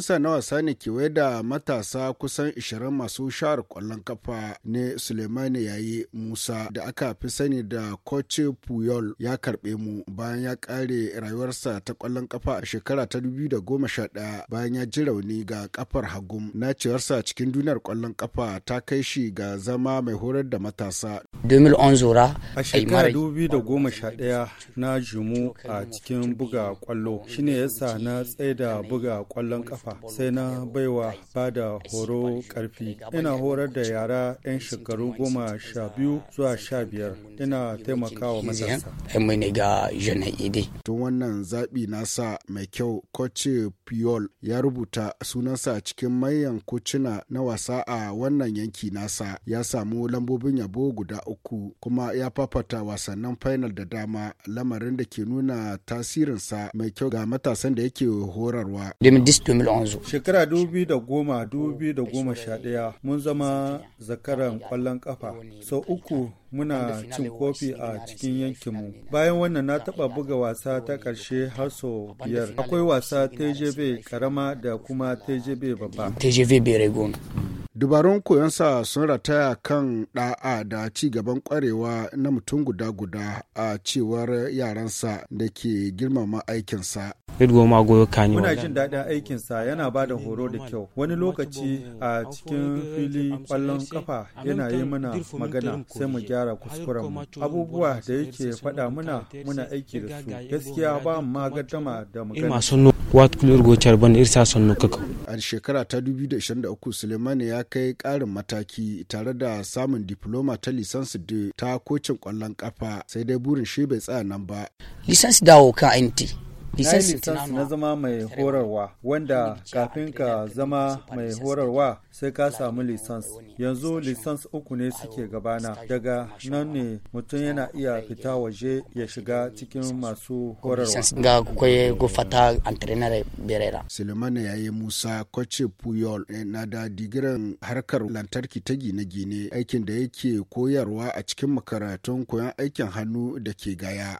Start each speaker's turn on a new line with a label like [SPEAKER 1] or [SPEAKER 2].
[SPEAKER 1] sa na wasa ne kewaye da matasa kusan 20 masu shahar kwallon kafa ne Suleimani yayi Musa da aka fi sani da Koce Puyol ya karbe mu bayan ya kare rayuwarsa ta kwallon kafa a shekara ta 2011 bayan ya ji rauni ga kafar hagum na cewarsa cikin duniyar kwallon kafa ta kai shi ga zama mai horar da matasa. 2011 A shekara 2011
[SPEAKER 2] na jumu a cikin buga kwallo shine yasa na tsaida buga kwallon kafa kafa sai na baiwa ba da horo karfi ina horar da yara 'yan shekaru goma sha biyu zuwa sha biyar ina taimakawa matasa
[SPEAKER 1] tun wannan zaɓi nasa mai kyau kwace piol ya rubuta sunansa cikin manyan kucina na wasa a wannan yanki nasa ya samu lambobin yabo guda uku kuma ya fafata wasannin final da dama lamarin da ke nuna tasirinsa mai kyau ga matasan da yake horarwa 2011.
[SPEAKER 2] Shekara 2010-2011 mun zama zakaran kwallon kafa sau uku muna cin kofi a cikin yankinmu. Bayan wannan na taɓa buga wasa ta ƙarshe har sau biyar. Akwai wasa TJB karama da kuma TJB babba.
[SPEAKER 1] TJB Beregun. Dubarun sa sun rataya kan ɗa'a da ci gaban kwarewa na mutum guda guda a cewar yaransa da ke girmama aikinsa. Muna jin daɗin aikinsa
[SPEAKER 2] yana ba da horo da kyau. Wani lokaci a cikin fili ƙwallon kafa yana yi mana magana sai mu gyara kuskuren mu. Abubuwa da yake faɗa muna muna aiki
[SPEAKER 1] da su. Gaskiya ba mu ma da magana. a shekara ta 2023 suleimani ya kai ƙarin mataki tare da samun diploma ta lisansi da ta kocin ƙwallon ƙafa sai dai burin shi bai tsaya nan ba lisansi dawo kan
[SPEAKER 2] na zama mai horarwa wanda kafin ka zama mai horarwa sai ka samu lisans yanzu lisans uku ne suke gabana daga nan ne mutum yana iya fita waje ya shiga cikin masu horarwa ga
[SPEAKER 1] sulemana ya yi musa kwace puyol eh, na da digiran harkar lantarki ta gine-gine aikin da yake koyarwa a cikin makarantun koyon aikin hannu da ke gaya